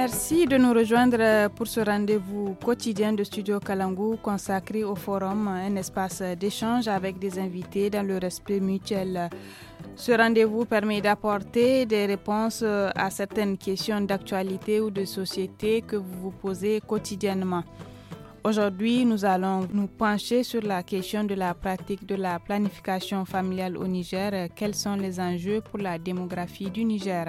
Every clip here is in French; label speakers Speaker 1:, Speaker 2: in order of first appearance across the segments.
Speaker 1: Merci de nous rejoindre pour ce rendez-vous quotidien de Studio Kalangou consacré au forum, un espace d'échange avec des invités dans le respect mutuel. Ce rendez-vous permet d'apporter des réponses à certaines questions d'actualité ou de société que vous vous posez quotidiennement. Aujourd'hui, nous allons nous pencher sur la question de la pratique de la planification familiale au Niger. Quels sont les enjeux pour la démographie du Niger?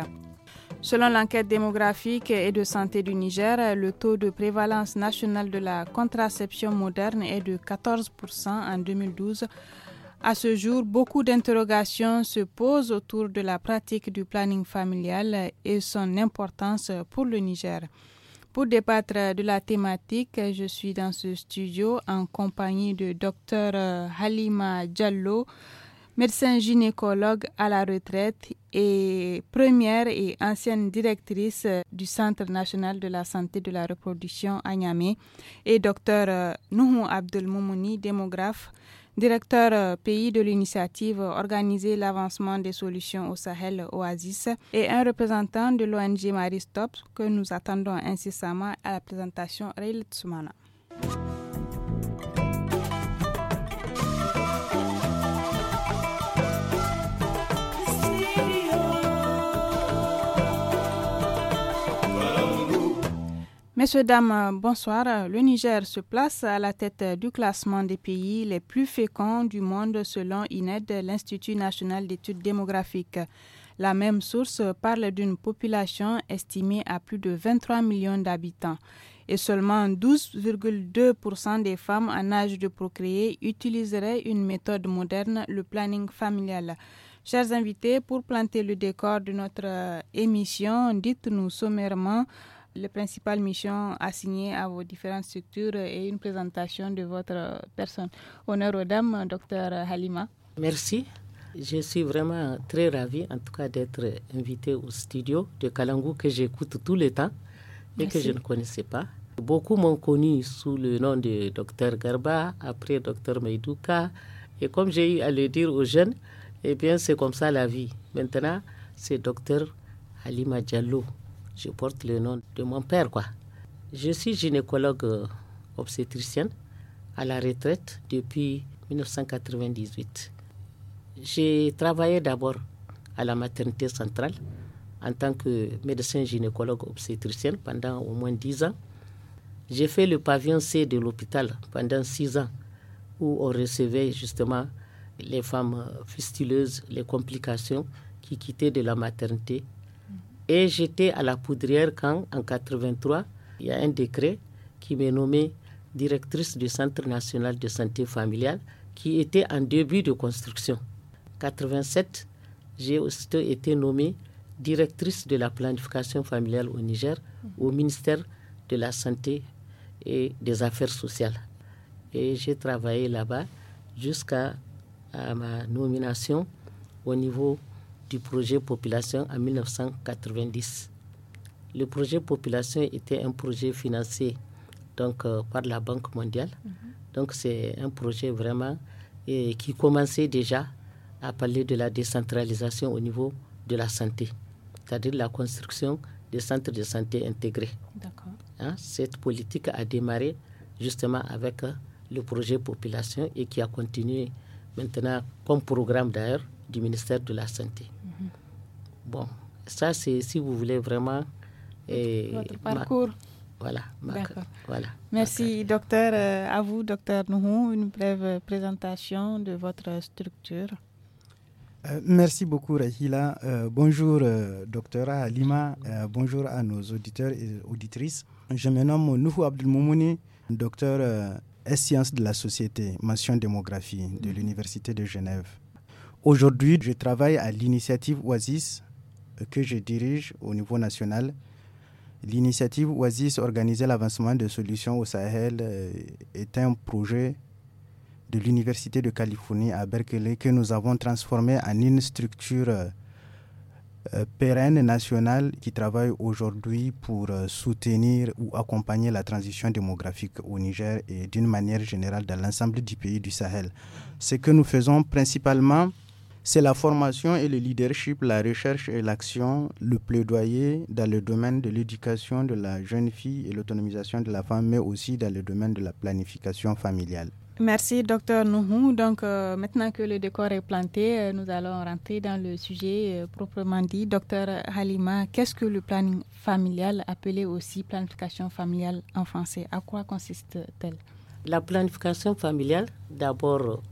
Speaker 1: Selon l'enquête démographique et de santé du Niger, le taux de prévalence nationale de la contraception moderne est de 14% en 2012. À ce jour, beaucoup d'interrogations se posent autour de la pratique du planning familial et son importance pour le Niger. Pour débattre de la thématique, je suis dans ce studio en compagnie de Dr euh, Halima Diallo, médecin gynécologue à la retraite et première et ancienne directrice du Centre national de la santé de la reproduction à Niamey, et docteur Nouhou Abdelmoumouni, démographe, directeur euh, pays de l'initiative Organiser l'avancement des solutions au Sahel Oasis, et un représentant de l'ONG Marie que nous attendons incessamment à la présentation Rail Tsumana. Messieurs, dames, euh, bonsoir. Le Niger se place à la tête euh, du classement des pays les plus féconds du monde selon INED, l'Institut national d'études démographiques. La même source parle d'une population estimée à plus de 23 millions d'habitants et seulement 12,2% des femmes en âge de procréer utiliseraient une méthode moderne, le planning familial. Chers invités, pour planter le décor de notre euh, émission, dites-nous sommairement les principales missions assignées à vos différentes structures et une présentation de votre personne. Honneur aux dames, docteur Halima.
Speaker 2: Merci. Je suis vraiment très ravie, en tout cas, d'être invitée au studio de Kalangou que j'écoute tout le temps et que je ne connaissais pas. Beaucoup m'ont connu sous le nom de docteur Garba, après docteur Meidouka. Et comme j'ai eu à le dire aux jeunes, eh bien, c'est comme ça la vie. Maintenant, c'est docteur Halima Diallo je porte le nom de mon père, quoi. Je suis gynécologue euh, obstétricienne à la retraite depuis 1998. J'ai travaillé d'abord à la maternité centrale en tant que médecin gynécologue obstétricienne pendant au moins 10 ans. J'ai fait le pavillon C de l'hôpital pendant 6 ans où on recevait justement les femmes fistuleuses, les complications qui quittaient de la maternité et j'étais à la Poudrière quand, en 83, il y a un décret qui m'est nommé directrice du Centre national de santé familiale, qui était en début de construction. 87, j'ai aussitôt été nommée directrice de la planification familiale au Niger au ministère de la Santé et des Affaires sociales. Et j'ai travaillé là-bas jusqu'à ma nomination au niveau du projet Population en 1990. Le projet Population était un projet financé donc, euh, par la Banque mondiale. Mhm. Donc c'est un projet vraiment et, qui commençait déjà à parler de la décentralisation au niveau de la santé, c'est-à-dire la construction des centres de santé intégrés. Hein, cette politique a démarré justement avec euh, le projet Population et qui a continué maintenant comme programme d'ailleurs du ministère de la Santé. Bon, ça c'est si vous voulez vraiment... Et Votre eh, parcours. Voilà.
Speaker 3: voilà.
Speaker 1: Merci, docteur. Euh, à vous, docteur Nouhou, une brève présentation de votre structure.
Speaker 3: Euh, merci beaucoup, Rahila. Euh, bonjour, docteur Alima. bonjour à nos auditeurs et auditrices. Je me nomme Nouhou Abdelmoumouni, docteur et sciences de la société, mention démographie de mhm. l'Université de Genève. Aujourd'hui, je travaille à l'initiative OASIS, que je dirige au niveau national. L'initiative Oasis Organiser l'avancement de solutions au Sahel euh, est un projet de l'Université de Californie à Berkeley que nous avons transformé en une structure euh, euh, pérenne nationale qui travaille aujourd'hui pour soutenir ou accompagner la transition démographique au Niger et d'une manière générale dans l'ensemble du pays du Sahel. Ce que nous faisons principalement, c'est la formation et le leadership, la recherche et l'action, le plaidoyer dans le domaine de l'éducation de la jeune fille et l'autonomisation de la femme, mais aussi dans le domaine de la planification familiale.
Speaker 1: Merci, docteur Nouhou. Donc, euh, maintenant que le décor est planté, euh, nous allons rentrer dans le sujet euh, proprement dit. Docteur Halima, qu'est-ce que le planning familial, appelé aussi planification familiale en français À quoi consiste-t-elle
Speaker 2: La planification familiale, d'abord,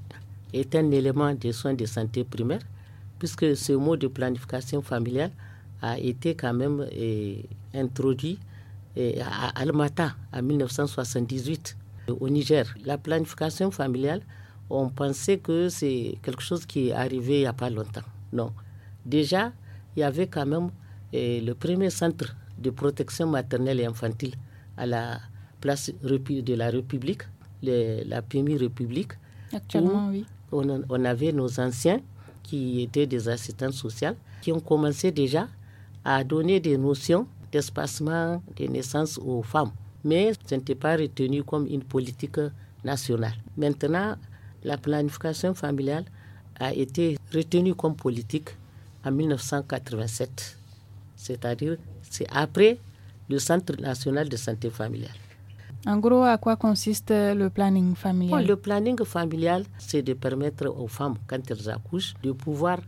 Speaker 2: est un élément des soins de santé primaire, puisque ce mot de planification familiale a été quand même eh, introduit eh, à Almata en 1978 au Niger. La planification familiale, on pensait que c'est quelque chose qui est arrivé il n'y a pas longtemps. Non. Déjà, il y avait quand même eh, le premier centre de protection maternelle et infantile à la place de la République, la Première République.
Speaker 1: Actuellement, oui
Speaker 2: on, avait nos anciens qui étaient des assistants sociales, qui ont commencé déjà à donner des notions d'espacement des naissances aux femmes. Mais ce n'était pas retenu comme une politique nationale. Maintenant, la planification familiale a été retenue comme politique en 1987. C'est-à-dire, c'est après le Centre national de santé familiale.
Speaker 1: En gros, à quoi consiste le planning familial Le
Speaker 2: planning familial, c'est de permettre aux femmes, quand elles accouchent, de pouvoir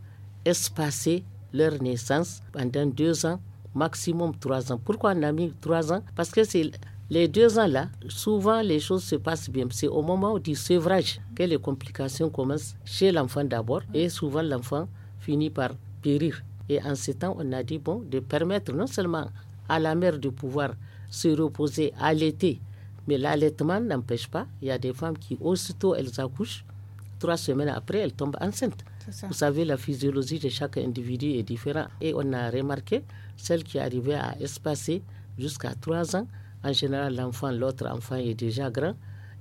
Speaker 2: espacer leur naissance pendant deux ans, maximum trois ans. Pourquoi on a mis trois ans Parce que les deux ans-là, souvent les choses se passent bien. C'est au moment du sevrage que les complications commencent chez l'enfant d'abord et souvent l'enfant finit par périr. Et en ce temps, on a dit, bon, de permettre non seulement à la mère de pouvoir se reposer, à l'été mais l'allaitement n'empêche pas. Il y a des femmes qui, aussitôt elles accouchent, trois semaines après, elles tombent enceintes. Vous savez, la physiologie de chaque individu est différente. Et on a remarqué, celles qui arrivaient à espacer jusqu'à trois ans, en général, l'enfant, l'autre enfant est déjà grand.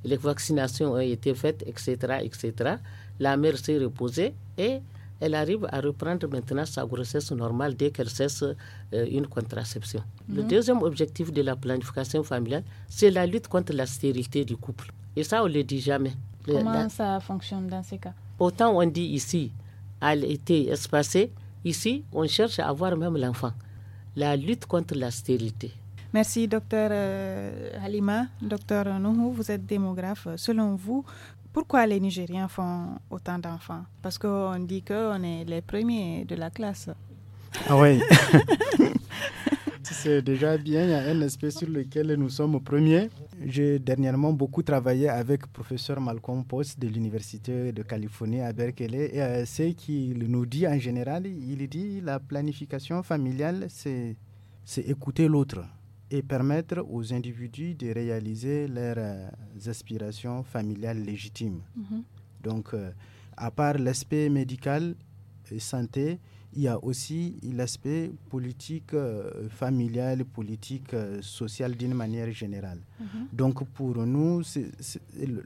Speaker 2: Les vaccinations ont été faites, etc., etc. La mère s'est reposée et elle arrive à reprendre maintenant sa grossesse normale dès qu'elle cesse euh, une contraception. Le mhm. deuxième objectif de la planification familiale, c'est la lutte contre la stérilité du couple. Et ça, on ne le dit jamais. Comment
Speaker 1: ça fonctionne dans ces cas
Speaker 2: Autant on dit ici, elle était espacée, ici, on cherche à avoir même l'enfant. La lutte contre la stérilité.
Speaker 1: Merci, docteur euh, Halima. Docteur Nouhou, vous êtes démographe. Selon vous, pourquoi les Nigériens font autant d'enfants Parce qu'on dit qu'on est les premiers de la classe.
Speaker 3: Ah oui. C'est déjà bien, il y a un aspect sur lequel nous sommes premiers. J'ai dernièrement beaucoup travaillé avec le professeur Malcolm Post de l'Université de Californie à Berkeley. Et euh, ce qu'il nous dit en général, il dit la planification familiale, c'est écouter l'autre et permettre aux individus de réaliser leurs euh, aspirations familiales légitimes. Mhm. Donc, euh, à part l'aspect médical et santé, il y a aussi l'aspect politique euh, familial, politique sociale d'une manière générale. Mhm. Donc pour nous,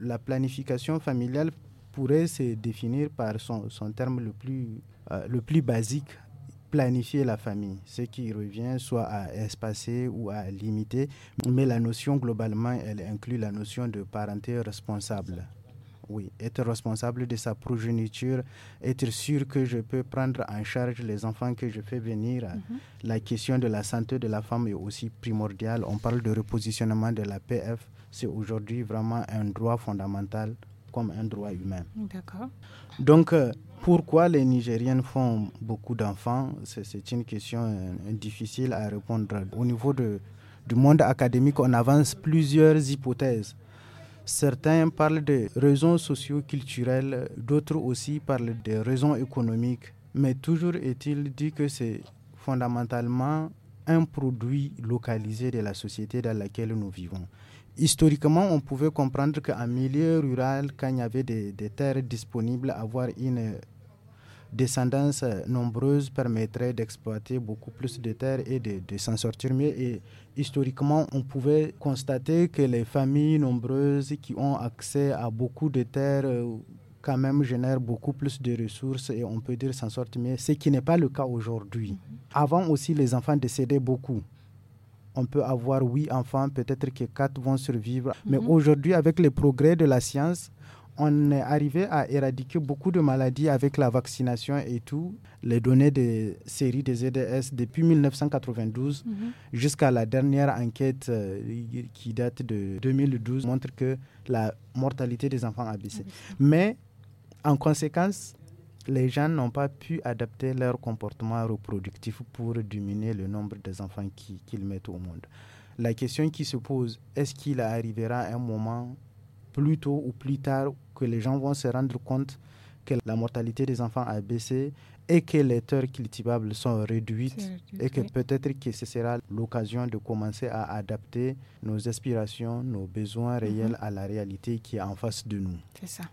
Speaker 3: la planification familiale pourrait se définir par son, son terme le plus, le plus basique, planifier la famille, ce qui revient soit à espacer ou à limiter, mais la notion globalement, elle inclut la notion de parenté responsable. Oui, être responsable de sa progéniture, être sûr que je peux prendre en charge les enfants que je fais venir. Mhm. La question de la santé de la femme est aussi primordiale. On parle de repositionnement de la PF. C'est aujourd'hui vraiment un droit fondamental comme un droit humain. D'accord. Donc, euh, pourquoi les Nigériennes font beaucoup d'enfants C'est une question euh, difficile à répondre. Au niveau du monde académique, on avance plusieurs hypothèses. Certains parlent de raisons socio-culturelles, d'autres aussi parlent de raisons économiques. Mais toujours est-il dit que c'est fondamentalement un produit localisé de la société dans laquelle nous vivons historiquement, on pouvait comprendre qu'en milieu rural, quand il y avait des, terres disponibles, avoir une descendance nombreuse permettrait d'exploiter beaucoup plus de terres et de, s'en sortir mieux. Et historiquement, on pouvait constater que les familles nombreuses qui ont accès à beaucoup de terres euh, quand même génèrent beaucoup plus de ressources et on peut dire s'en sortir mieux, ce qui n'est pas le cas aujourd'hui. Avant aussi, les enfants décédaient beaucoup on peut avoir huit enfants, peut-être que quatre vont survivre. Mais mhm. aujourd'hui, avec les progrès de la science, on est arrivé à éradiquer beaucoup de maladies avec la vaccination et tout. Les données des séries des EDS depuis 1992 mhm. jusqu'à la dernière enquête euh, qui date de 2012 montrent que la mortalité des enfants a baissé. Mais en conséquence, les gens n'ont pas pu adapter leur comportement reproductif pour diminuer le nombre des enfants qu'ils mettent au monde. La question qui se pose, est-ce qu'il arrivera un moment, plus tôt ou plus tard, que les gens vont se rendre compte que la mortalité des enfants a baissé et que les terres cultivables sont réduites et que peut-être que ce sera l'occasion de commencer à adapter nos aspirations, nos besoins réels mhm. à la réalité qui est en face de nous. C'est ça.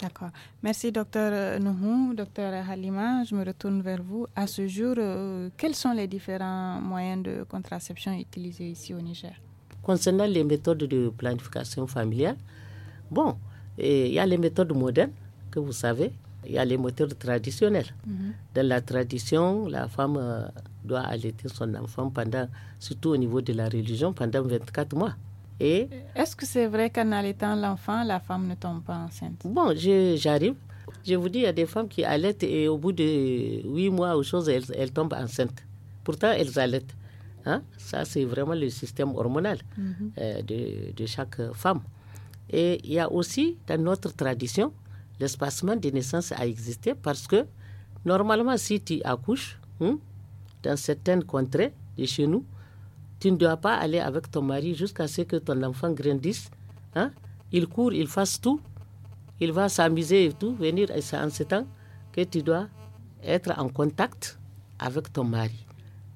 Speaker 1: D'accord. Merci, docteur euh, Nouhou. Docteur Halima, je me retourne vers vous. À ce jour, euh, quels sont les différents moyens de contraception utilisés ici au Niger
Speaker 2: Concernant les méthodes de planification familiale, bon, il y a les méthodes modernes que vous savez, il y a les méthodes traditionnelles. Mhm. Dans la tradition, la femme euh, doit allaiter son enfant pendant, surtout au niveau de la religion, pendant 24 mois. Est-ce
Speaker 1: que c'est vrai qu'en allaitant l'enfant, la femme ne tombe pas enceinte
Speaker 2: Bon, j'arrive. Je, vous dis, il y a des femmes qui allaitent et au bout de huit mois ou choses, elles, tombent enceintes. Pourtant, elles allaitent. Hein? Ça, c'est vraiment le système hormonal mhm. euh, de, chaque femme. Et il y a aussi, dans notre tradition, l'espacement des naissances a existé parce que, normalement, si tu accouches, hein, dans certaines contrées de chez nous, tu ne dois pas aller avec ton mari jusqu'à ce que ton enfant grandisse. Hein? Il court, il fasse tout. Il va s'amuser et tout, venir. Et c'est en ce temps que tu dois être en contact avec ton mari.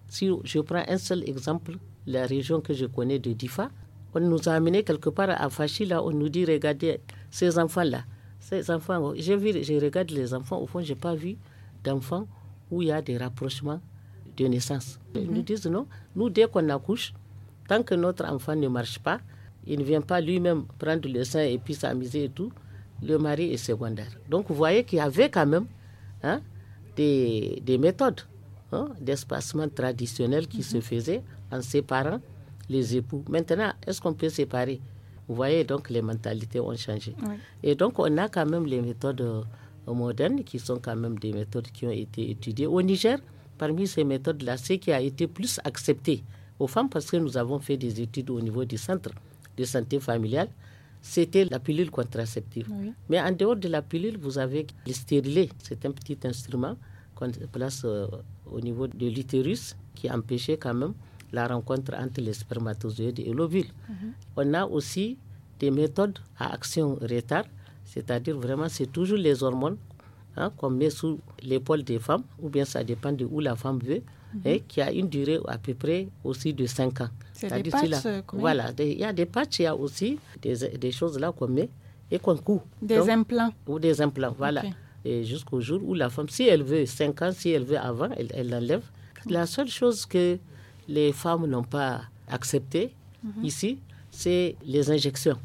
Speaker 2: Si je prends un seul exemple, la région que je connais de Difa, on nous a amené quelque part à Fachi, là, on nous dit, regardez, ces enfants-là, ces enfants, oh, j'ai vu, je regarde les enfants, au fond, je n'ai pas vu d'enfants où il y a des rapprochements de naissance. Mhm. Ils nous disent non, nous dès qu'on accouche, tant que notre enfant ne marche pas, il ne vient pas lui-même prendre le sein et puis s'amuser et tout, le mari est secondaire. Donc vous voyez qu'il y avait quand même hein, des, des, méthodes hein, d'espacement traditionnel qui se mhm. faisaient en séparant les époux. Maintenant, est-ce qu'on peut séparer Vous voyez, donc les mentalités ont changé. Et donc on a quand même les méthodes euh, modernes qui sont quand même des méthodes qui ont été étudiées. Au Niger, parmi ces méthodes-là, ce qui a été plus accepté aux femmes, parce que nous avons fait des études au niveau du centre de santé familiale, c'était la pilule contraceptive. Mais en dehors de la pilule, vous avez le C'est un petit instrument qu'on place euh, au niveau de l'utérus qui empêchait quand même la rencontre entre les spermatozoïdes et l'ovule. Mhm. On a aussi des méthodes à action retard, c'est-à-dire vraiment c'est toujours les hormones qu'on hein, met sous l'épaule des femmes, ou bien ça dépend de où la femme veut, mhm. et hein, qui a une durée à peu près aussi de 5 ans. C'est euh, Voilà, il y a des patchs, il y a aussi des, choses là qu'on met et qu'on coud. Des implants. Ou des implants, voilà. Et jusqu'au jour où la femme, si elle veut 5 ans, si elle veut avant, elle l'enlève. La seule chose que les femmes n'ont pas acceptée mhm. ici, c'est les injections.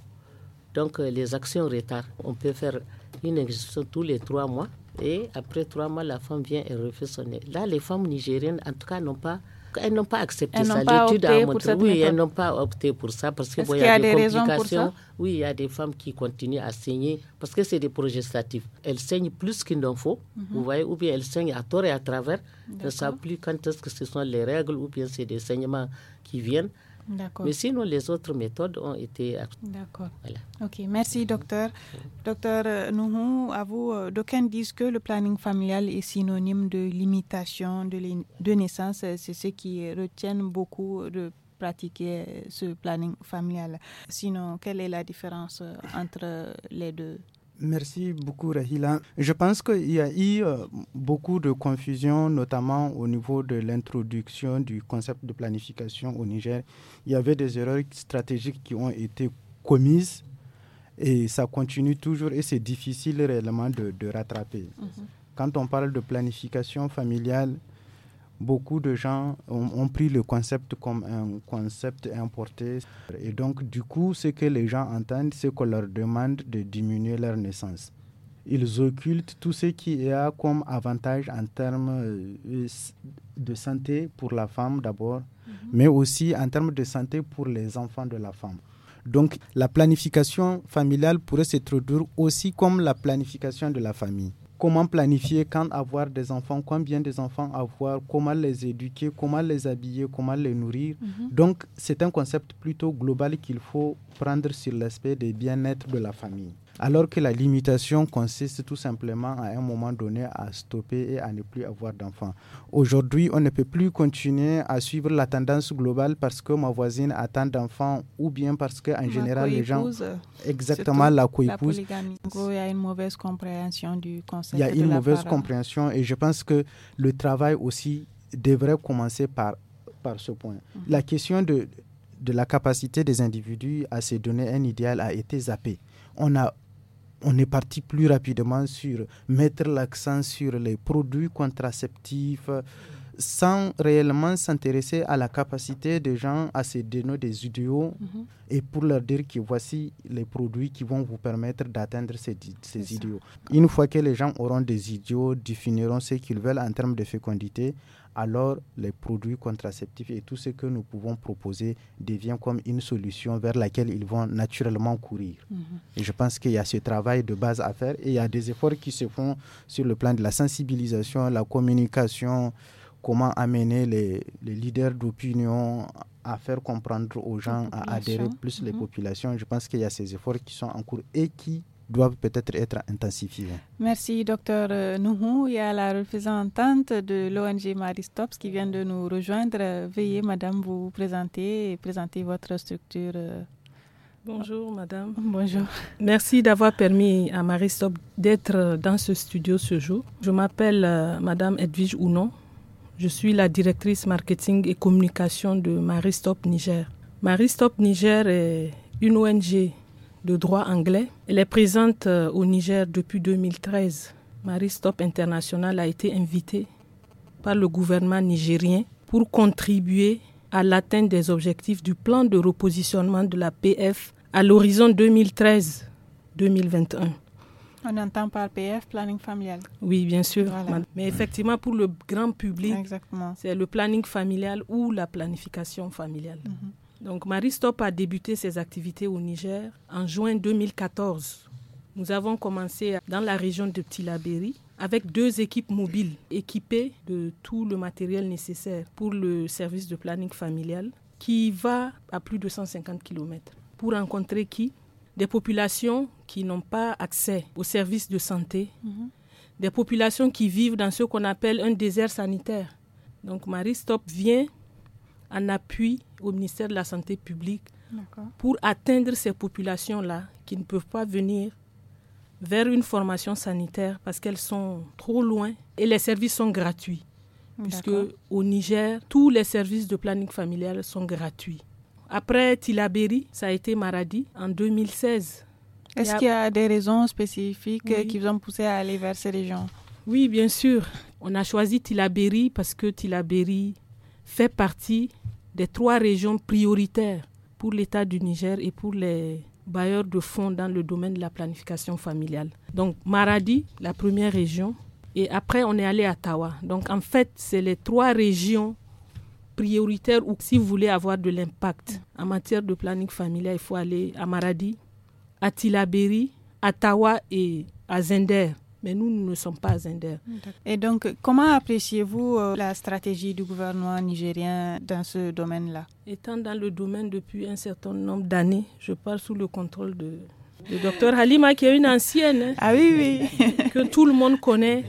Speaker 2: Donc, euh, les actions retard. On peut faire une injection tous les trois mois. Et après trois mois, la femme vient et refait son nez. Là, les femmes nigériennes, en tout cas, n'ont pas elles n'ont pas accepté ça. L'étude a montré. Oui, elles n'ont pas opté pour ça parce qu'il y, a des, complications. Oui, il y a des femmes qui continuent à saigner parce que c'est des progestatifs. Elles saignent plus qu'il n'en faut, mhm. vous voyez, ou bien elles saignent à tort et à travers. Elles ne savent plus quand est-ce que ce sont les règles ou bien c'est des saignements qui viennent. Mais sinon, les autres méthodes ont été. D'accord. Voilà.
Speaker 1: Ok, merci docteur. Docteur Nuhu, à vous, euh, d'aucuns disent que le planning familial est synonyme de limitation de, naissance. Euh, c'est ce qui retient beaucoup de pratiquer euh, ce planning familial. Sinon, quelle est la différence entre les deux
Speaker 3: Merci beaucoup, Rahila. Je pense qu'il y a eu euh, beaucoup de confusion, notamment au niveau de l'introduction du concept de planification au Niger. Il y avait des erreurs stratégiques qui ont été commises et ça continue toujours et c'est difficile réellement de, rattraper. Mhm. Quand on parle de planification familiale, beaucoup de gens ont, pris le concept comme un concept importé. Et donc, du coup, ce que les gens entendent, c'est qu'on leur demande de diminuer leur naissance. Ils occultent tout ce qui est a comme avantage en termes euh, de santé pour la femme d'abord, mhm. mais aussi en termes de santé pour les enfants de la femme. Donc la planification familiale pourrait se traduire aussi comme la planification de la famille comment planifier, quand avoir des enfants, combien des enfants avoir, comment les éduquer, comment les habiller, comment les nourrir. Mhm. Donc, c'est un concept plutôt global qu'il faut prendre sur l'aspect des bien-être de la famille alors que la limitation consiste tout simplement à un moment donné à stopper et à ne plus avoir d'enfants. Aujourd'hui, on ne peut plus continuer à suivre la tendance globale parce que ma voisine a tant d'enfants ou bien parce que général les gens exactement la coépouse.
Speaker 1: il y a une mauvaise compréhension du concept. Il y a une mauvaise
Speaker 3: compréhension et je pense que le travail aussi devrait commencer par par ce point. Mhm. La question de de la capacité des individus à se donner un idéal a été zappée. On a on est parti plus rapidement sur mettre l'accent sur les produits contraceptifs sans réellement s'intéresser à la capacité des gens à se donner des idéaux mhm. et pour leur dire que voici les produits qui vont vous permettre d'atteindre ces, ces idéaux. Une fois que les gens auront des idéaux, définiront ce qu'ils veulent en termes de fécondité, alors les produits contraceptifs et tout ce que nous pouvons proposer devient comme une solution vers laquelle ils vont naturellement courir. Mhm. Et je pense qu'il y a ce travail de base à faire et il y a des efforts qui se font sur le plan de la sensibilisation, la communication, comment amener les, leaders d'opinion à faire comprendre aux gens, à adhérer plus les mhm. populations. Je pense qu'il y a ces efforts qui sont en cours et qui doivent peut-être être intensifiées.
Speaker 1: Merci, docteur Nuhu. Il y a la représentante de l'ONG Stop, qui vient de nous rejoindre. Veuillez, madame, vous présenter et présenter votre structure. Euh.
Speaker 4: Bonjour, madame. Bonjour. Merci d'avoir permis à Stop d'être dans ce studio ce jour. Je m'appelle euh, madame Edwige Ounon. Je suis la directrice marketing et communication de Stop Niger. Stop Niger est une ONG de droit anglais. Elle est présente euh, au Niger depuis 2013. Marie Stop International a été invitée par le gouvernement nigérien pour contribuer à l'atteinte des objectifs du plan de repositionnement de la PF à l'horizon 2013-2021.
Speaker 1: On entend par PF, planning familial.
Speaker 4: Oui, bien sûr.
Speaker 1: Mais effectivement,
Speaker 4: pour le grand public, c'est le planning familial ou la planification familiale. Mm-hmm. Donc Maristop a débuté ses activités au Niger en juin 2014. Nous avons commencé dans la région de Tilaberi avec deux équipes mobiles équipées de tout le matériel nécessaire pour le service de planning familial qui va à plus de 150 km pour rencontrer qui Des populations qui n'ont pas accès aux services de santé, mhm. des populations qui vivent dans ce qu'on appelle un désert sanitaire. Donc Marie vient en appui au ministère de la Santé publique pour atteindre ces populations-là qui ne peuvent pas venir vers une formation sanitaire parce qu'elles sont trop loin et les services sont gratuits. Puisque au Niger, tous les services de planning familial sont gratuits. Après Tilaberi, ça a été Maradi en 2016. Est-ce qu'il y a
Speaker 1: des raisons spécifiques qui
Speaker 4: vous ont poussé à aller vers ces régions Oui, bien sûr. On a choisi Tilaberi parce que Tilaberi fait partie des trois régions prioritaires pour l'État du Niger et pour les bailleurs de fonds dans le domaine de la planification familiale. Donc Maradi, la première région, et après on est allé à Tawa. Donc en fait, c'est les trois régions prioritaires où si vous voulez avoir de l'impact en matière de planning familial, il faut aller à Maradi, à Tilaberi, à Tawa et à
Speaker 1: Zender mais nous, nous ne sommes pas indères. Mm, Et donc, comment appréciez-vous euh, la stratégie du gouvernement nigérien dans ce domaine-là Étant dans le domaine depuis un certain nombre
Speaker 4: d'années, je parle sous le contrôle de, le docteur Halima, qui est une ancienne, hein, ah oui, oui. que tout le monde connaît.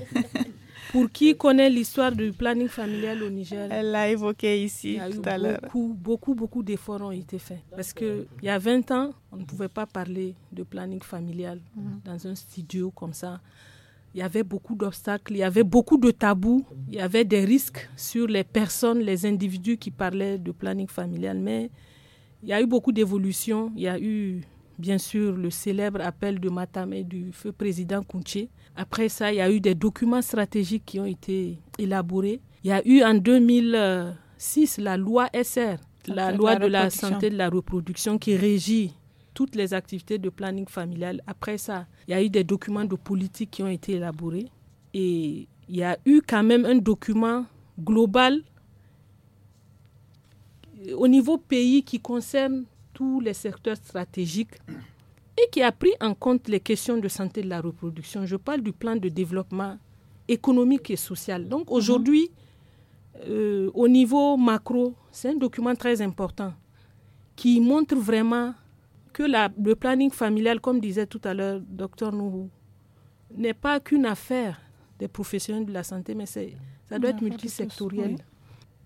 Speaker 4: Pour qui connaît l'histoire du planning familial au Niger Elle l'a évoqué ici tout à l'heure. Beaucoup, beaucoup, beaucoup d'efforts ont été faits. Parce qu'il y a 20 ans, on ne pouvait pas parler de planning familial mm. dans un studio comme ça il y avait beaucoup d'obstacles, il y avait beaucoup de tabous, il y avait des risques sur les personnes, les individus qui parlaient de planning familial. Mais il y a eu beaucoup d'évolutions. Il y a eu, bien sûr, le célèbre appel de et du feu président Kounché. Après ça, il y a eu des documents stratégiques qui ont été élaborés. Il y a eu en 2006 la loi SR, la loi de la santé de la reproduction qui régit toutes les activités de planning familial. Après ça, il y a eu des documents de politique qui ont été élaborés et il y a eu quand même un document global euh, au niveau pays qui concerne tous les secteurs stratégiques et qui a pris en compte les questions de santé de la reproduction. Je parle du plan de développement économique et social. Donc mhm. aujourd'hui, euh, au niveau macro, c'est un document très important qui montre vraiment que le planning familial, comme disait tout à l'heure docteur Nourou, n'est pas qu'une affaire des professionnels de la santé, mais ça doit être multisectoriel.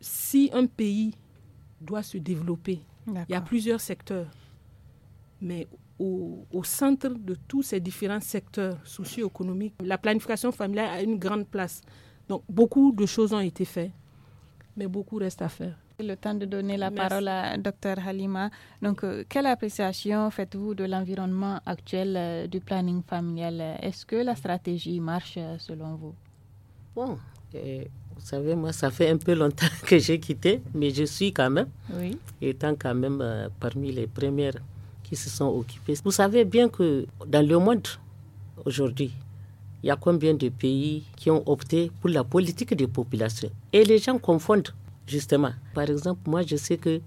Speaker 4: Si un pays doit se développer, il y a plusieurs secteurs, mais au, au, centre de tous ces différents secteurs socio-économiques, la planification familiale a une grande place. Donc beaucoup de choses ont été faites, mais beaucoup reste à faire
Speaker 1: le temps de donner la parole à Dr Halima. Donc, euh, quelle appréciation faites-vous de l'environnement actuel euh, du planning familial Est-ce que la stratégie marche euh, selon vous
Speaker 2: Bon, vous savez, moi, ça fait un peu longtemps que j'ai quitté, mais je suis quand même, oui. étant quand même parmi les premières qui se sont occupées. Vous savez bien que dans le monde aujourd'hui, il y a combien de pays qui ont opté pour la politique des populations. Et les gens confondent justement. Par exemple, moi, je sais que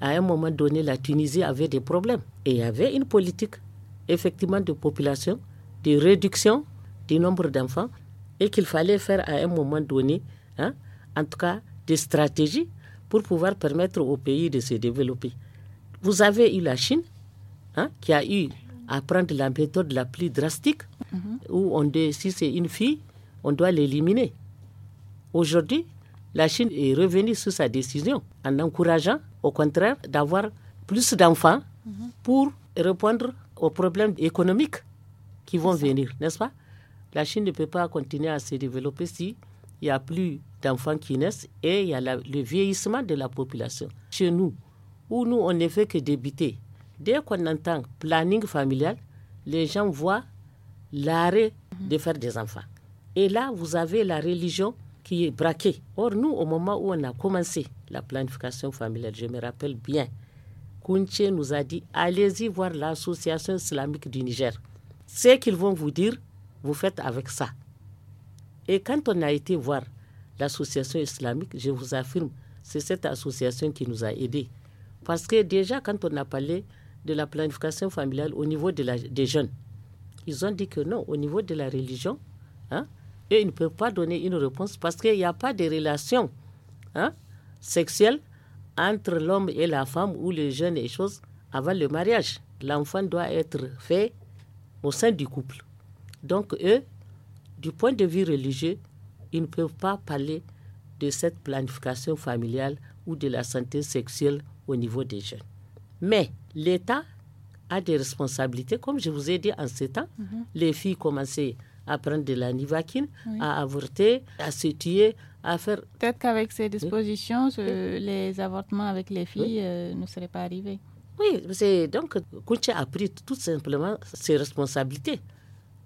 Speaker 2: à un moment donné, la Tunisie avait des problèmes et il y avait une politique, effectivement, de population, de réduction du nombre d'enfants et qu'il fallait faire à un moment donné, hein, en tout cas, des stratégies pour pouvoir permettre au pays de se développer. Vous avez eu la Chine, hein, qui a eu à prendre la méthode la plus drastique, mhm. où on dit, si c'est une fille, on doit l'éliminer. Aujourd'hui, la Chine est revenue sur sa décision en encourageant, au contraire, d'avoir plus d'enfants pour répondre aux problèmes économiques qui vont venir, n'est-ce pas La Chine ne peut pas continuer à se développer si il n'y a plus d'enfants qui naissent et il y a le vieillissement de la population. Chez nous, où nous, on ne fait que débiter, dès qu'on entend planning familial, les gens voient l'arrêt mhm. de faire des enfants. Et là, vous avez la religion qui est braqué. Or, nous, au moment où on a commencé la planification familiale, je me rappelle bien, Kounche nous a dit allez-y voir l'association islamique du Niger. Ce qu'ils vont vous dire, vous faites avec ça. Et quand on a été voir l'association islamique, je vous affirme, c'est cette association qui nous a aidés. Parce que déjà, quand on a parlé de la planification familiale au niveau de la, des jeunes, ils ont dit que non, au niveau de la religion, hein, et ils ne peuvent pas donner une réponse parce qu'il n'y a pas de relation hein, sexuelle entre l'homme et la femme ou les jeunes et choses avant le mariage. L'enfant doit être fait au sein du couple. Donc eux, du point de vue religieux, ils ne peuvent pas parler de cette planification familiale ou de la santé sexuelle au niveau des jeunes. Mais l'État a des responsabilités, comme je vous ai dit en ce temps, mm-hmm. les filles commençaient à prendre de la nivaquine, à avorter, à se tuer, à faire. Peut-être qu'avec ces dispositions, les avortements avec les filles euh, ne seraient pas arrivés. Oui, c'est donc Kuncha a pris tout simplement ses responsabilités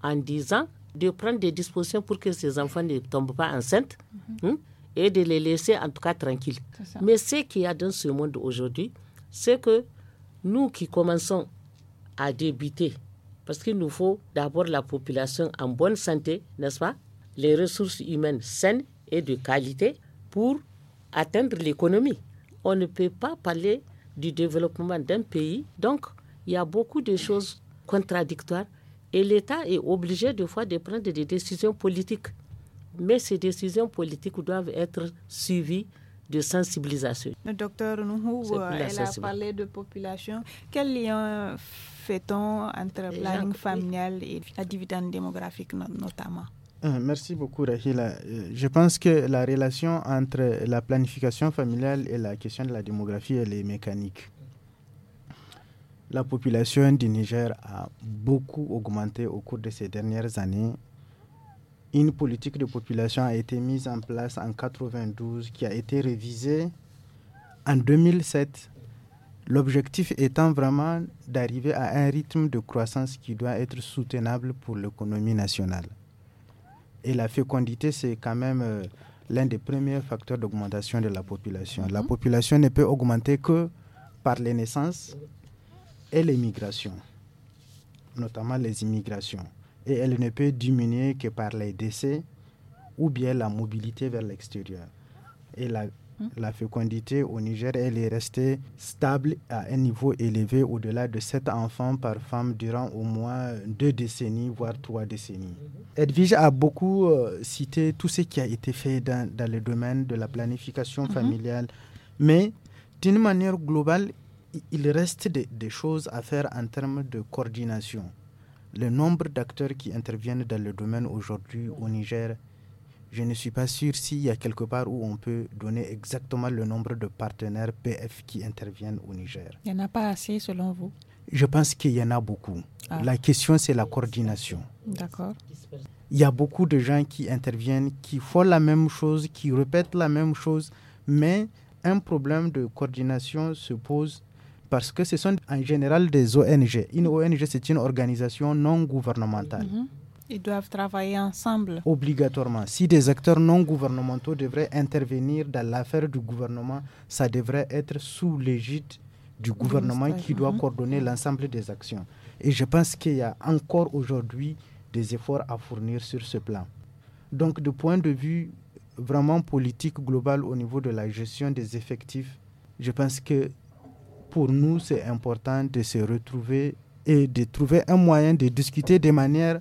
Speaker 2: en disant de prendre des dispositions pour que ses enfants ne tombent pas enceintes mhm. hein, et de les laisser en tout cas tranquilles. Mais ce qu'il y a dans ce monde aujourd'hui, c'est que nous qui commençons à débuter parce qu'il nous faut d'abord la population en bonne santé, n'est-ce pas Les ressources humaines saines et de qualité pour atteindre l'économie. On ne peut pas parler du développement d'un pays. Donc, il y a beaucoup de choses contradictoires et l'État est obligé de fois de prendre des décisions politiques. Mais ces décisions politiques doivent être suivies de sensibilisation.
Speaker 1: Le docteur Nouhou,
Speaker 2: euh, elle a parlé
Speaker 1: de population. Quel lien fait-on entre planning familial et la dividende démographique notamment
Speaker 3: euh, Merci beaucoup, Rahila. Euh, je pense que la relation entre la planification familiale et la question de la démographie, elle est mécanique. La population du Niger a beaucoup augmenté au cours de ces dernières années. Une politique de population a été mise en place en 1992 qui a été révisée en 2007 L'objectif étant vraiment d'arriver à un rythme de croissance qui doit être soutenable pour l'économie nationale. Et la fécondité, c'est quand même euh, l'un des premiers facteurs d'augmentation de la population. La mhm. population ne peut augmenter que par les naissances et les migrations, notamment les immigrations. Et elle ne peut diminuer que par les décès ou bien la mobilité vers l'extérieur. Et la Mhm. La fécondité au Niger, est restée stable à un niveau élevé au-delà de 7 enfants par femme durant au moins deux décennies, voire trois décennies. Mhm. Edwige a beaucoup euh, cité tout ce qui a été fait dans, le domaine de la planification mhm. familiale, mais d'une manière globale, il reste des, des, choses à faire en termes de coordination. Le nombre d'acteurs qui interviennent dans le domaine aujourd'hui au Niger je ne suis pas sûr s'il y a quelque part où on peut donner exactement le nombre de partenaires PF qui interviennent au Niger.
Speaker 1: Il n'y en a pas assez selon vous
Speaker 3: Je pense qu'il y en a beaucoup. Ah. La question, c'est la coordination. D'accord. Il y a beaucoup de gens qui interviennent, qui font la même chose, qui répètent la même chose, mais un problème de coordination se pose parce que ce sont en général des ONG. Une ONG, c'est une organisation non gouvernementale.
Speaker 1: Mm-hmm. Ils doivent travailler ensemble.
Speaker 3: Obligatoirement. Si des acteurs non gouvernementaux devraient intervenir dans l'affaire du gouvernement, ça devrait être sous l'égide du gouvernement qui doit mhm. coordonner l'ensemble des actions. Et je pense qu'il y a encore aujourd'hui des efforts à fournir sur ce plan. Donc, du point de vue vraiment politique global, au niveau de la gestion des effectifs, je pense que pour nous, c'est important de se retrouver et de trouver un moyen de discuter de manière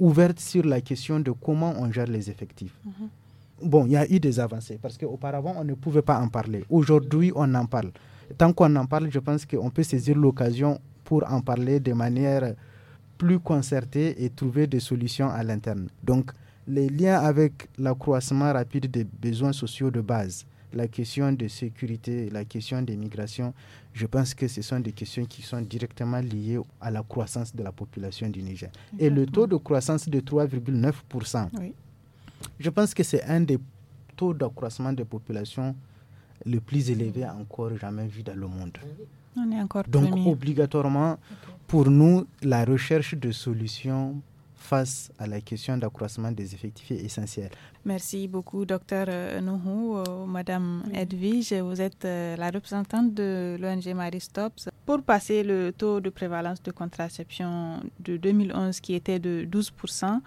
Speaker 3: ouverte sur la question de comment on gère les effectifs. Mhm. Bon, il y a eu des avancées parce qu'auparavant, on ne pouvait pas en parler. Aujourd'hui, on en parle. Tant qu'on en parle, je pense qu'on peut saisir l'occasion pour en parler de manière plus concertée et trouver des solutions à l'interne. Donc, les liens avec l'accroissement rapide des besoins sociaux de base, la question de sécurité, la question des migrations, je pense que ce sont des questions qui sont directement liées à la croissance de la population du Niger. Et le taux de croissance de 3,9%, je pense que c'est un des taux d'accroissement de population le plus élevé encore jamais vu dans le monde. encore Donc obligatoirement, pour nous, la recherche de solutions face à la question d'accroissement des effectifs essentiels.
Speaker 1: Merci beaucoup, docteur Nuhu, euh, Madame Edwige, vous êtes euh, la représentante de l'ONG Marie Pour passer le taux de prévalence de contraception de 2011 qui était de 12%,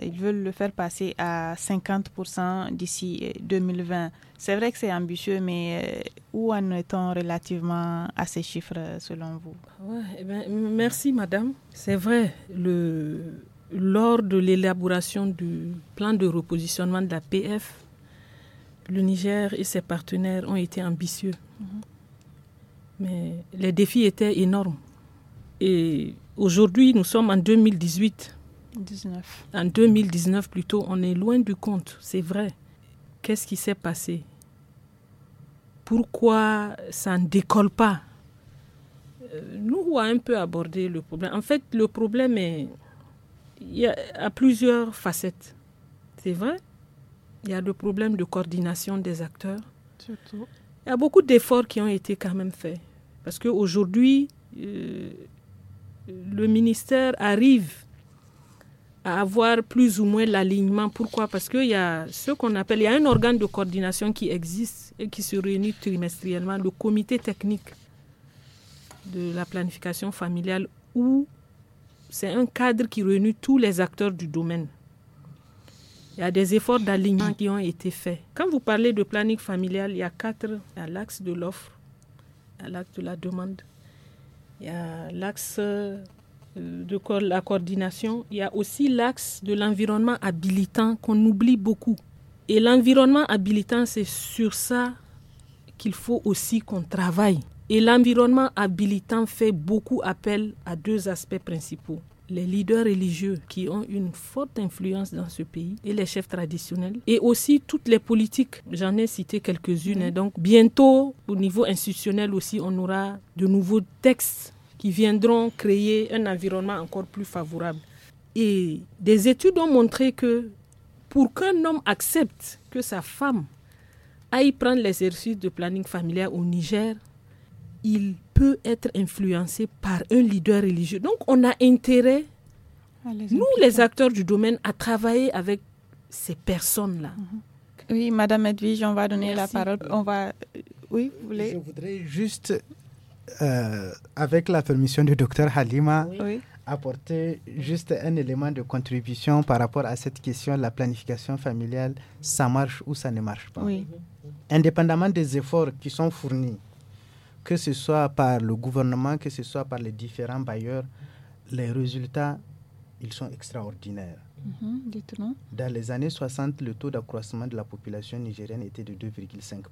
Speaker 1: ils veulent le faire passer à 50% d'ici 2020. Euh, c'est vrai que c'est ambitieux, mais où en est-on relativement à ces chiffres selon vous
Speaker 4: ouais, eh ben, Merci, madame. C'est vrai, le, lors de l'élaboration du plan de repositionnement de la PF, le Niger et ses partenaires ont été ambitieux. Mhm. Mais les défis étaient énormes. Et aujourd'hui, nous sommes en 2018. En 2019 plutôt, on est loin du compte, c'est vrai. Qu'est-ce qui s'est passé Pourquoi ça ne décolle pas euh, Nous, on a un peu abordé le problème. En fait, le problème est il y a, plusieurs facettes. C'est vrai, il y a le problème de coordination des acteurs. Il y a beaucoup d'efforts qui ont été quand même faits. Parce qu'aujourd'hui, aujourd'hui, euh, le ministère arrive à avoir plus ou moins l'alignement. Pourquoi Parce qu'il y a ce qu'on appelle, il y a un organe de coordination qui existe et qui se réunit trimestriellement, le comité technique de la planification familiale, où c'est un cadre qui réunit tous les acteurs du domaine. Il y a des efforts d'alignement qui ont été faits. Quand vous parlez de planning familial, il y a quatre. Il y a l'axe de l'offre, il y l'axe de la demande, il y a l'axe euh, de la coordination, il y a aussi l'axe de l'environnement habilitant qu'on oublie beaucoup. Et l'environnement habilitant, c'est sur ça qu'il faut aussi qu'on travaille. Et l'environnement habilitant fait beaucoup appel à deux aspects principaux. Les leaders religieux qui ont une forte influence dans ce pays et les chefs traditionnels et aussi toutes les politiques. J'en ai cité quelques-unes. Hein. Donc bientôt, au niveau institutionnel aussi, on aura de nouveaux textes qui viendront créer un environnement encore plus favorable. Et des études ont montré que pour qu'un homme accepte que sa femme aille prendre l'exercice de planning familial au Niger, il peut être influencé par un leader religieux. Donc on a intérêt, ah, nous les acteurs du domaine, à
Speaker 1: travailler avec ces personnes-là. Mhm. Oui, Madame Edwige, on va donner la parole. On
Speaker 3: va... Euh, oui, voulez... Je voudrais juste, euh, avec la permission du docteur Halima, apporter juste un élément de contribution par rapport à cette question, la planification familiale, ça marche ou ça ne marche pas. Oui. Indépendamment des efforts qui sont fournis que ce soit par le gouvernement, que ce soit par les différents bailleurs, les résultats, ils sont extraordinaires.
Speaker 1: Mhm,
Speaker 3: Dans les années 60, le taux d'accroissement de la population nigérienne était de 2,5%.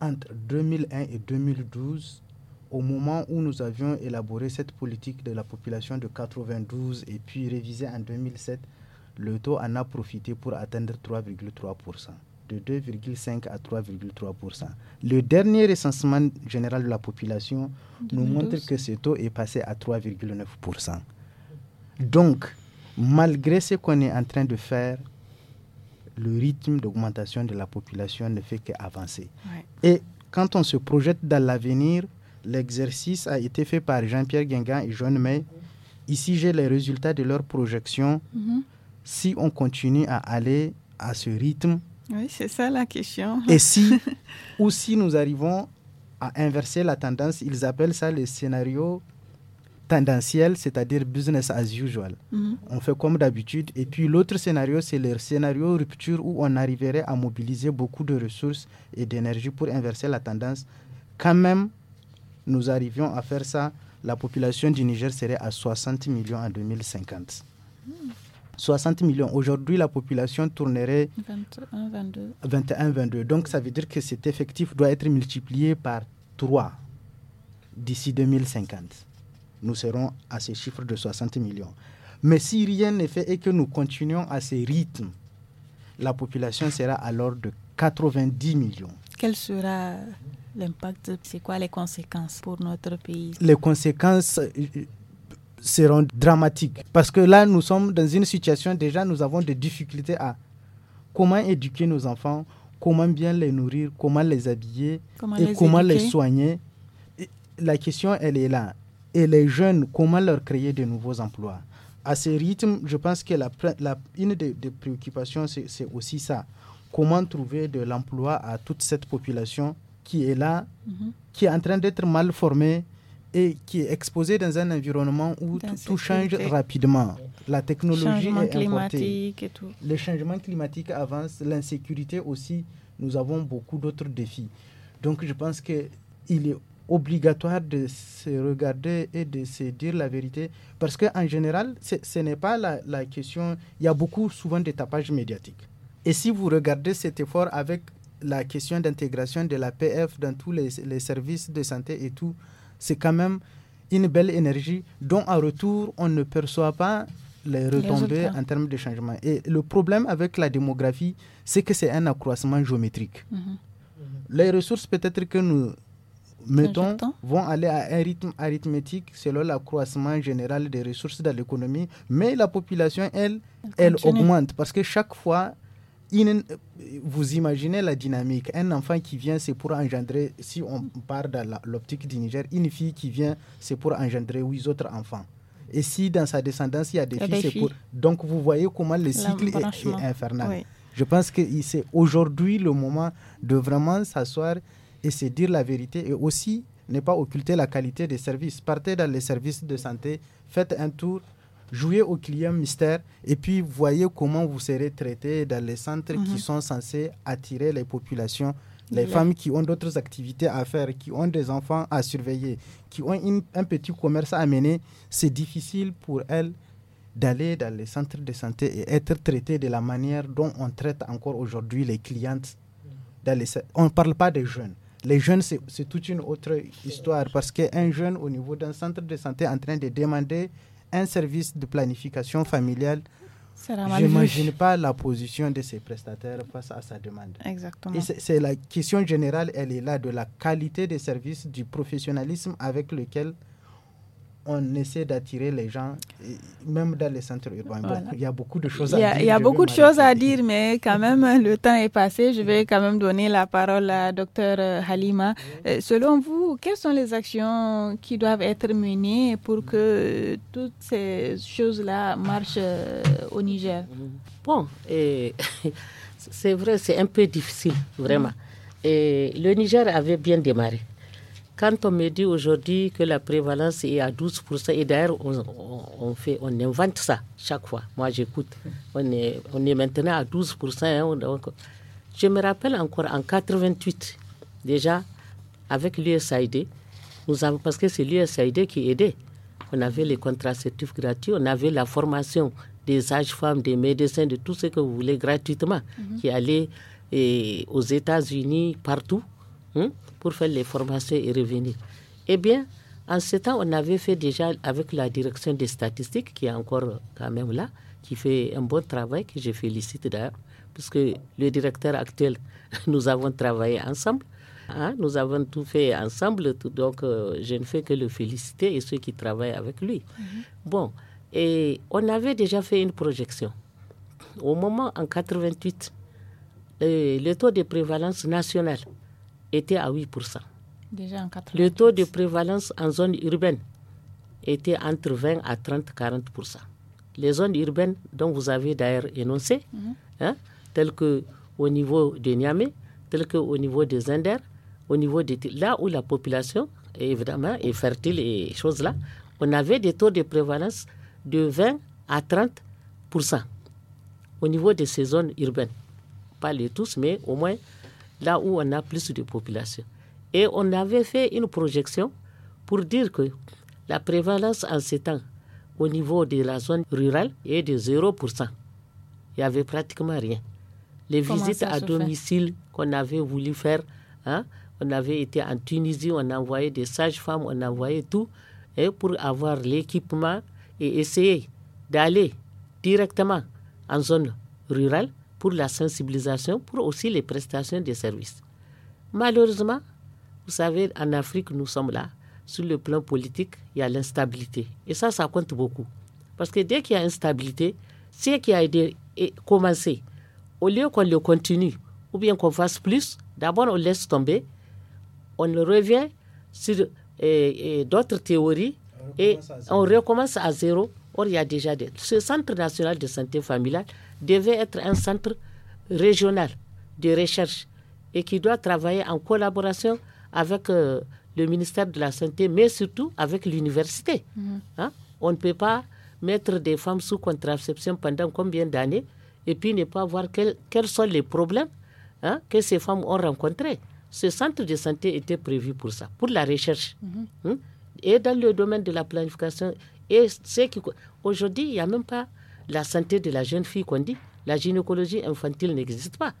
Speaker 3: Entre 2001 et 2012, au moment où nous avions élaboré cette politique de la population de 92 et puis révisée en 2007, le taux en a profité pour atteindre 3,3% de 2,5 à 3,3 Le dernier recensement général de la population nous montre que ce taux est passé à 3,9 Donc, malgré ce qu'on est en train de faire, le rythme d'augmentation de la population ne fait qu'avancer. Et quand on se projette dans l'avenir, l'exercice a été fait par Jean-Pierre Guingamp et John May. Ici, j'ai les résultats de leur projection. Mm-hmm. Si on continue à aller à ce rythme,
Speaker 1: oui, c'est ça la question.
Speaker 3: Et si, ou si nous arrivons à inverser la tendance, ils appellent ça le scénario tendanciel, c'est-à-dire business as usual. Mhm. On fait comme d'habitude. Et puis l'autre scénario, c'est le scénario rupture où on arriverait à mobiliser beaucoup de ressources et d'énergie pour inverser la tendance. Quand même, nous arrivions à faire ça, la population du Niger serait à 60 millions en 2050. 60 millions. Aujourd'hui, la population tournerait 21, 22. Donc, ça veut dire que cet effectif doit être multiplié par 3 d'ici 2050. Nous serons à ce chiffre de 60 millions. Mais si rien n'est fait et que nous continuons à ce rythme, la population sera alors de 90 millions.
Speaker 1: Quel sera l'impact C'est quoi les conséquences pour notre pays
Speaker 3: Les conséquences, euh, seront dramatiques. Parce que là, nous sommes dans une situation, déjà, nous avons des difficultés à comment éduquer nos enfants, comment bien les nourrir, comment les habiller et comment les soigner. la question, elle est là. Et les jeunes, comment leur créer de nouveaux emplois À ce rythme, je pense que la, une des, préoccupations, c'est aussi ça. Comment trouver de l'emploi à toute cette population qui est là, mhm. qui est en train d'être mal formée, et qui est exposé dans un environnement où tout, change rapidement. La technologie Changement est climatique et tout. Le changement climatique avance l'insécurité aussi. Nous avons beaucoup d'autres défis. Donc je pense qu'il est obligatoire de se regarder et de se dire la vérité. Parce qu'en général, ce n'est pas la, question. Il y a beaucoup souvent de tapage médiatique. Et si vous regardez cet effort avec la question d'intégration de la PF dans tous les, services de santé et tout, c'est quand même une belle énergie dont en retour, on ne perçoit pas les retombées en termes de changement. Et le problème avec la démographie, c'est que c'est un accroissement géométrique. Mhm. Les ressources peut-être que nous mettons vont aller à un rythme arithmétique selon l'accroissement général des ressources dans l'économie, mais la population, elle, elle augmente parce que chaque fois, vous imaginez la dynamique. Un enfant qui vient, c'est pour engendrer, si on part dans l'optique du Niger, une fille qui vient, c'est pour engendrer huit autres enfants. Et si dans sa descendance, il y a des, filles, c'est pour... Donc vous voyez comment le cycle est, infernal. Je pense que c'est aujourd'hui le moment de vraiment s'asseoir et se dire la vérité et aussi ne pas occulter la qualité des services. Partez dans les services de santé, faites un tour, jouez au client mystère et puis voyez comment vous serez traité dans les centres qui mhm. sont censés attirer les populations les femmes qui ont d'autres activités à faire, qui ont des enfants à surveiller, qui ont un petit commerce à mener, c'est difficile pour elles d'aller dans les centres de santé et être traitées de la manière dont on traite encore aujourd'hui les clientes. on ne parle pas des jeunes. Les jeunes, c'est toute une autre histoire parce qu'un jeune au niveau d'un centre de santé en train de demander un service de planification familiale, je n'imagine pas la position de ces prestataires face à sa demande. Exactement. c'est la question générale, elle est là, de la qualité des services, du professionnalisme avec lequel on essaie d'attirer les gens, même dans les centres urbains. il y a beaucoup de choses à dire. Il y a, beaucoup de
Speaker 1: choses à dire, mais quand même, le temps est passé. Je vais quand même donner la parole à Dr euh, Halima. Euh, selon vous, quelles sont les actions qui doivent être menées pour que euh, toutes ces choses-là marchent au
Speaker 2: Niger Bon, c'est vrai, c'est un peu difficile, vraiment. Et le Niger avait bien démarré. Quand on me dit aujourd'hui que la prévalence est à 12%, et d'ailleurs, on, fait, on invente ça chaque fois. Moi, j'écoute. On est, on est maintenant à 12%. Hein, je me rappelle encore en 88, déjà, avec l'USAID, nous avons, parce que c'est l'USAID qui aidait. On avait les contraceptifs gratuits, on avait la formation des âges femmes des médecins, de tout ce que vous voulez gratuitement, mhm. qui allait eh, aux États-Unis, partout. Hein pour faire les formations et revenir. Eh bien, en ce temps, on avait fait déjà avec la direction des statistiques, qui est encore quand même là, qui fait un bon travail, que je félicite d'ailleurs, puisque le directeur actuel, nous avons travaillé ensemble. Hein, nous avons tout fait ensemble, donc euh, je ne fais que le féliciter et ceux qui travaillent avec lui. Mhm. Bon, et on avait déjà fait une projection. Au moment en 88, euh, le taux de prévalence nationale était à 8%. le taux de prévalence en zone urbaine était entre 20 à 30-40%. Les zones urbaines dont vous avez d'ailleurs énoncé, mhm. hein, telles que au niveau de Niamey, telles que au niveau des Inders, au niveau de, là où la population est évidemment fertile et choses là, on avait des taux de prévalence de 20 à 30% au niveau de ces zones urbaines. Pas les tous, mais au moins là où on a plus de population. Et on avait fait une projection pour dire que la prévalence en ces temps au niveau de la zone rurale est de 0%. Il n'y avait pratiquement rien. Les visites à domicile qu'on avait voulu faire, hein, on avait été en Tunisie, on envoyait des sages-femmes, on envoyait tout et pour avoir l'équipement et essayer d'aller directement en zone rurale pour la sensibilisation, pour aussi les prestations des services. Malheureusement, vous savez, en Afrique, nous sommes là. Sur le plan politique, il y a l'instabilité. Et ça, ça compte beaucoup. Parce que dès qu'il y a instabilité, ce qui a été commencé, au lieu qu'on le continue ou bien qu'on fasse plus, d'abord on laisse tomber, on revient sur euh, d'autres théories et on recommence à zéro. Or, il y a déjà des... Ce centre national de santé familiale, devait être un centre régional de recherche et qui doit travailler en collaboration avec euh, le ministère de la Santé, mais surtout avec l'université. Mm-hmm. Hein? On ne peut pas mettre des femmes sous contraception pendant combien d'années et puis ne pas voir quels sont les problèmes hein, que ces femmes ont rencontrés. Ce centre de santé était prévu pour ça, pour la recherche. Mm-hmm. Hmm? Et dans le domaine de la planification, et qui... Aujourd'hui, il n'y a même pas la santé de la jeune fille qu'on dit, la gynécologie infantile n'existe pas.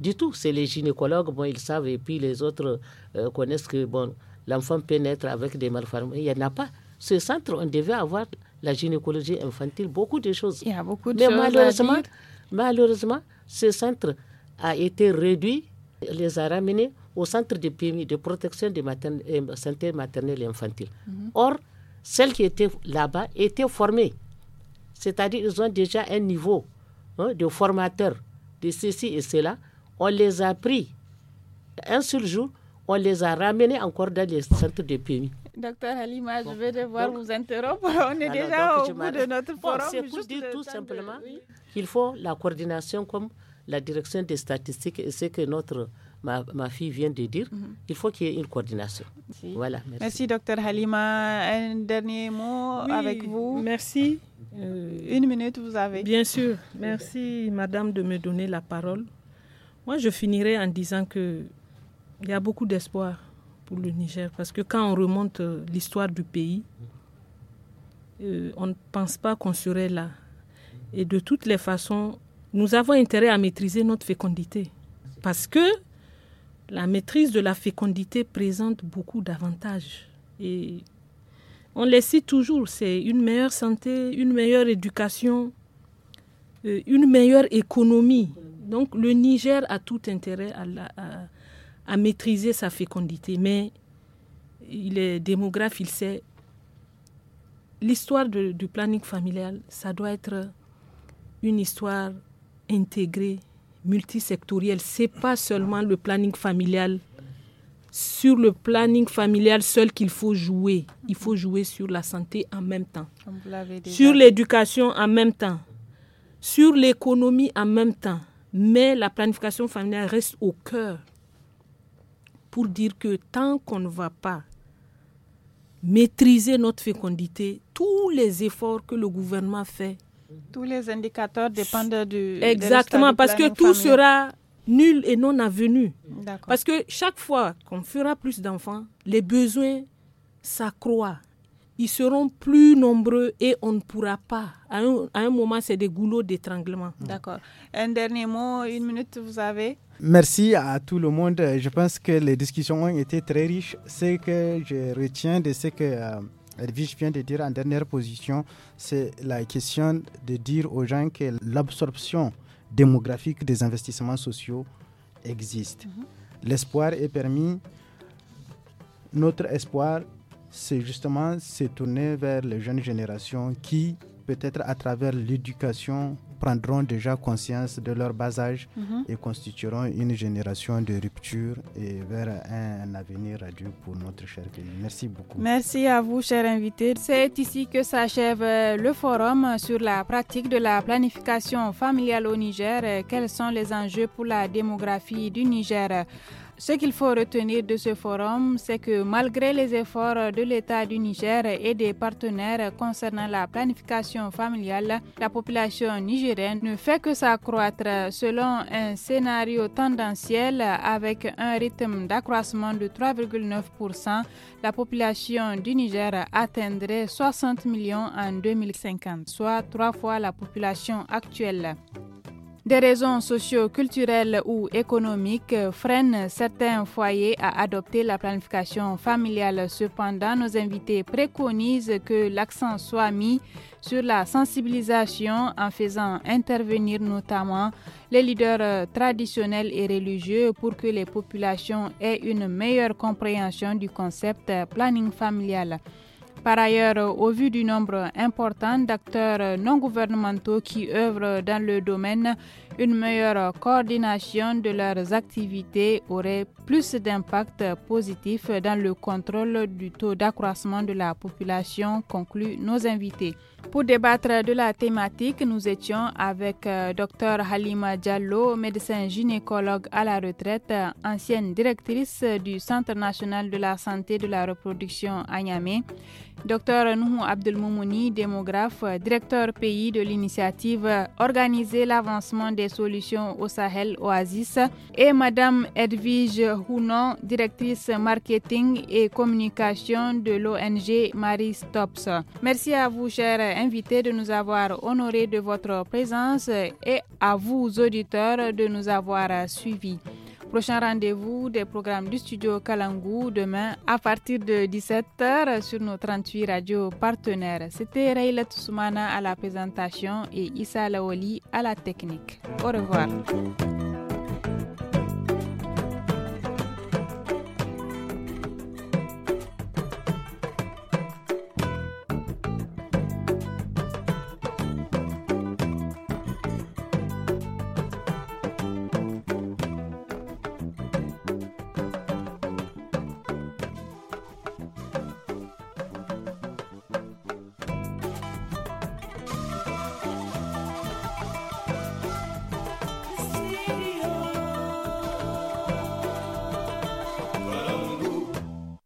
Speaker 2: Du tout, c'est les gynécologues, bon, ils savent, et puis les autres euh, connaissent que bon, l'enfant peut naître avec des malformations. Il n'y en a pas. Ce centre, on devait avoir la gynécologie infantile, beaucoup de choses. Il y a beaucoup de Mais choses malheureusement, malheureusement, ce centre a été réduit, les a ramenés au centre de de protection de euh, santé maternelle et infantile. Mhm. Or, celles qui étaient là-bas étaient formées c'est-à-dire qu'ils ont déjà un niveau hein, de formateur de ceci et cela. On les a pris un seul jour, on les a ramenés encore dans les centres de PMI.
Speaker 1: Docteur Halima, je vais devoir vous interrompre. On est déjà au bout de notre forum. c'est pour dire tout
Speaker 2: simplement qu'il faut la coordination comme la direction des statistiques et ce que notre ma, fille vient de dire, qu'il mhm. faut qu'il y ait une coordination. Merci. Voilà, merci. docteur
Speaker 1: Halima. Un dernier mot avec vous. Merci. Euh, une minute, vous
Speaker 4: avez. Bien sûr. Merci, madame, de me donner la parole. Moi, je finirai en disant que il y a beaucoup d'espoir pour le Niger parce que quand on remonte euh, l'histoire du pays, euh, on ne pense pas qu'on serait là. Et de toutes les façons, nous avons intérêt à maîtriser notre fécondité parce que la maîtrise de la fécondité présente beaucoup d'avantages et on les cite toujours, c'est une meilleure santé, une meilleure éducation, euh, une meilleure économie. Donc le Niger a tout intérêt à, à maîtriser sa fécondité, mais il est démographe, il sait l'histoire du planning familial, ça doit être une histoire intégrée multisectoriel, c'est pas seulement le planning familial. Sur le planning familial seul qu'il faut jouer, il faut jouer sur la santé en même temps, sur l'éducation en même temps, sur l'économie en même temps. Mais la planification familiale reste au cœur pour dire que tant qu'on ne va pas maîtriser notre fécondité, tous les efforts que le gouvernement fait
Speaker 1: tous les indicateurs dépendent du. Exactement, parce que tout sera
Speaker 4: nul et non avenu. Parce que chaque fois qu'on fera plus d'enfants, les besoins s'accroît. Ils seront plus nombreux et on ne pourra pas. À un, à un moment, c'est des
Speaker 1: goulots d'étranglement. D'accord. Un dernier mot, une minute, vous avez
Speaker 3: Merci à tout le monde. Je pense que les discussions ont été très riches. Ce que je retiens de ce que euh, Edwige vient de dire en dernière position, c'est la question de dire aux gens que l'absorption démographique des investissements sociaux existe. Mhm. L'espoir est permis. Notre espoir, c'est justement se tourner vers les jeunes générations qui, peut-être à travers l'éducation, prendront déjà conscience de leur bas âge mhm. et constitueront une génération de rupture et vers un, avenir radieux pour notre cher pays. Merci beaucoup.
Speaker 1: Merci à vous, chers invités. C'est ici que s'achève euh, le forum sur la pratique de la planification familiale au Niger. Quels sont les enjeux pour la démographie du Niger? Ce qu'il faut retenir de ce forum, c'est que malgré les efforts de l'État du Niger et des partenaires concernant la planification familiale, la population nigérienne ne fait que s'accroître selon un scénario tendanciel avec un rythme d'accroissement de 3,9%. La population du Niger atteindrait 60 millions en 2050, soit trois fois la population actuelle. Des raisons socio-culturelles ou économiques freinent certains foyers à adopter la planification familiale. Cependant, nos invités préconisent que l'accent soit mis sur la sensibilisation en faisant intervenir notamment les leaders traditionnels et religieux pour que les populations aient une meilleure compréhension du concept planning familial. Par ailleurs, au vu du nombre important d'acteurs non gouvernementaux qui œuvrent dans le domaine, une meilleure coordination de leurs activités aurait plus d'impact positif dans le contrôle du taux d'accroissement de la population, concluent nos invités. Pour débattre de la thématique, nous étions avec euh, Dr Halima Diallo, médecin gynécologue à la retraite, ancienne directrice du Centre national de la santé de la reproduction à Niamey, Dr Nuhu Abdelmoumouni, démographe, directeur pays de l'initiative Organiser l'avancement des solutions au Sahel Oasis, et Madame Edwige Hounon, directrice marketing et communication de l'ONG Marie Stops. Merci à vous, chers invités, de nous avoir honorés de votre présence et à vous, auditeurs, de nous avoir suivis. Prochain rendez-vous des programmes du studio Kalangu demain à partir de 17h sur nos 38 radios partenaires. C'était Rayla Toussoumana à la présentation et Issa Laoli à la technique. Au revoir.